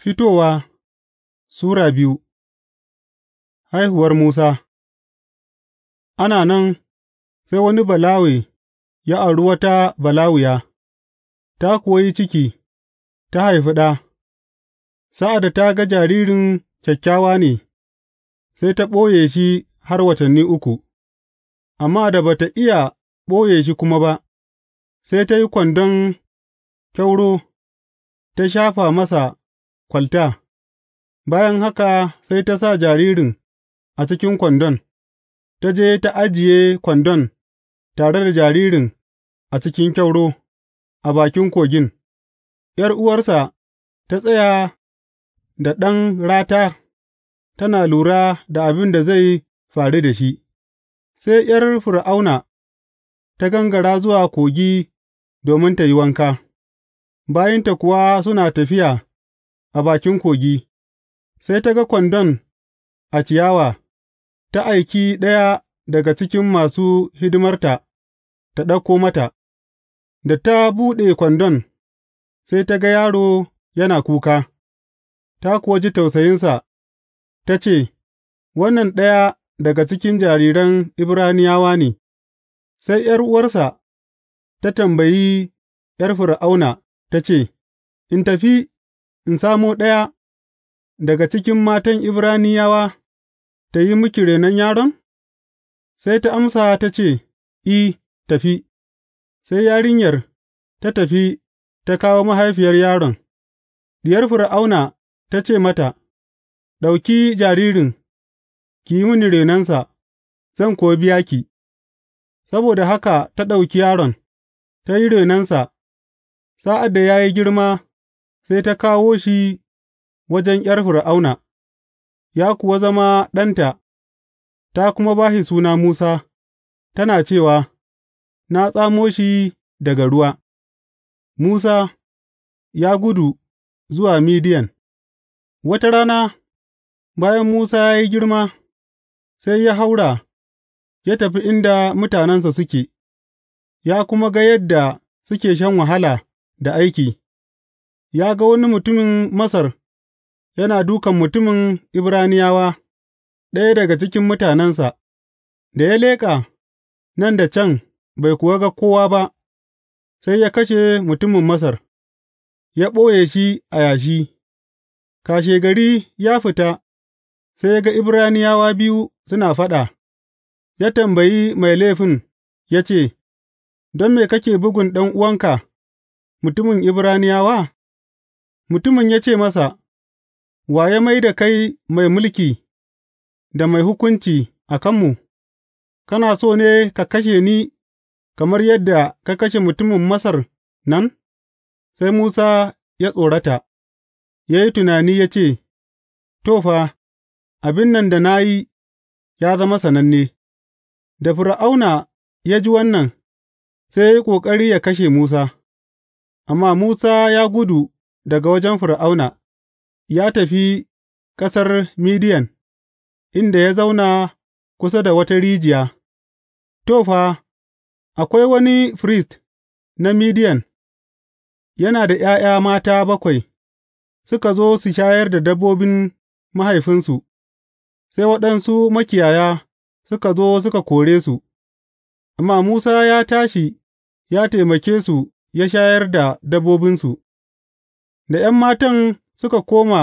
Fitowa Sura biyu Haihuwar Musa Ana nan, sai wani Balawe ya auri wata Balawiya, ta kuwa yi ciki, ta haifi ɗa, sa'ad da ta ga jaririn kyakkyawa ne, sai ta ɓoye shi har watanni uku, amma da ba ta iya ɓoye shi kuma ba, sai ta yi kwandon kyauro ta shafa masa kwalta, bayan haka sai ta sa jaririn a cikin kwandon, ta je ta ajiye kwandon tare da jaririn a cikin kyauro, a bakin kogin, ’yar'uwarsa ta tsaya da ɗan rata tana lura da abin da zai faru da shi, sai ’yar Fir'auna ta gangara zuwa kogi domin ta yi wanka, bayinta kuwa suna tafiya. a bakin kogi, sai ta ga kwandon a ciyawa, ta aiki ɗaya daga cikin masu hidimarta ta ɗauko mata, da ta buɗe kwandon, sai ta ga yaro yana kuka, ta kuwa ji tausayinsa, ta ce, Wannan ɗaya daga cikin jariran Ibraniyawa ne, sai ’yar'uwarsa ta tambayi ’yar Fir'auna ta ce, In tafi. in samo ɗaya daga cikin matan Ibraniyawa ta yi miki renon yaron? Sai ta amsa ta ce, I, tafi, sai yarinyar ta tafi ta kawo mahaifiyar yaron, diyar Fir'auna ta ce mata, Ɗauki jaririn, ki yi mini renonsa, zan kuwa biya ki, saboda haka ta ɗauki yaron, ta yi renonsa, sa'ad da ya yi girma sai ta kawo shi wajen ’yar Fir'auna, ya kuwa zama ɗanta, ta kuma ba shi suna Musa, tana cewa, Na tsamo shi daga ruwa, Musa ya gudu zuwa Midiyan. Wata rana, bayan Musa ya yi girma, sai ya haura ya tafi inda mutanensa suke, ya kuma ga yadda suke shan wahala da aiki. ya ga wani mutumin Masar yana dukan mutumin Ibraniyawa, ɗaya daga cikin mutanensa, da ya leƙa nan da can bai kuwa ga kowa ba, sai ya kashe mutumin Masar, ya ɓoye shi a yashi, kashegari ya fita, sai ya ga Ibraniyawa biyu suna faɗa, ya tambayi mai laifin ya ce, Don me kake bugun ɗan'uwanka, mutumin Ibraniyawa? Mutumin ya ce masa, Wa ya mai da kai mai mulki da mai hukunci a kanmu, kana so ne ka kashe ni kamar yadda ka kashe mutumin Masar nan? Sai Musa ya tsorata, ya yi tunani ya ce, To, fa, abin nan da na yi ya zama sananne, da Fir'auna ya ji wannan, sai ya yi ƙoƙari ya kashe Musa, amma Musa ya gudu daga wajen Fir'auna, ya tafi ƙasar Midiyan, inda ya zauna kusa da wata rijiya, to, fa, akwai wani firist na Midiyan, yana da ’ya'ya mata bakwai, suka zo su shayar da dabbobin mahaifinsu, sai waɗansu makiyaya suka zo suka kore su, amma Musa ya tashi ya taimake su ya shayar da dabbobinsu. Da ’yan matan suka koma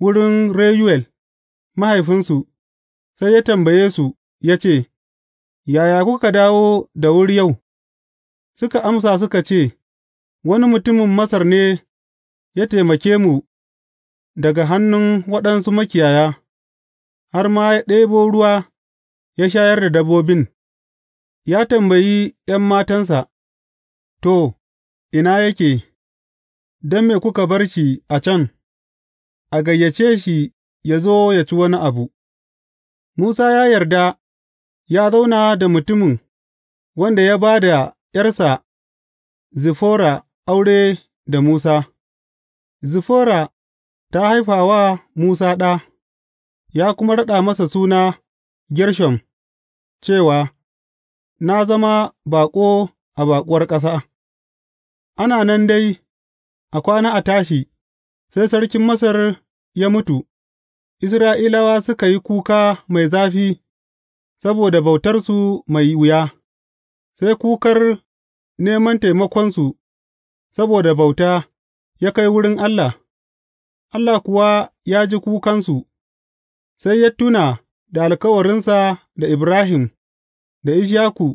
wurin Reyuwel mahaifinsu, sai ya tambaye su ya ce, Yaya kuka dawo da wuri yau? Suka amsa suka ce, Wani mutumin Masar ne ya taimake mu daga hannun waɗansu makiyaya, har ma ya ɗebo ruwa ya shayar da dabbobin, ya tambayi ’yan matansa, To, ina yake?’ Don me kuka bar shi a can, a gayyace shi ya zo ya ci wani abu, Musa ya yarda ya zauna da mutumin wanda ya ba da ’yarsa Zifora aure da Musa, Zifora ta haifa wa Musa ɗa, ya kuma raɗa masa suna Gershom, cewa, Na zama baƙo a baƙuwar ƙasa, ana nan dai. a kwana a tashi, sai sarkin Masar ya mutu, Isra'ilawa suka yi kuka mai zafi saboda bautarsu mai wuya, sai kukar neman taimakonsu saboda bauta ya kai wurin Allah, Allah kuwa ya ji kukansu, sai ya tuna da alkawarinsa da Ibrahim, da Ishaku,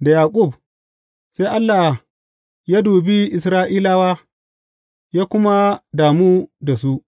da Yaƙub, sai Allah ya dubi Isra'ilawa. ya kuma damu da su.